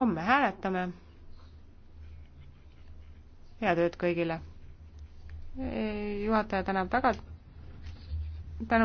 homme hääletame. head ööd kõigile. juhataja tänab väga. tänulik.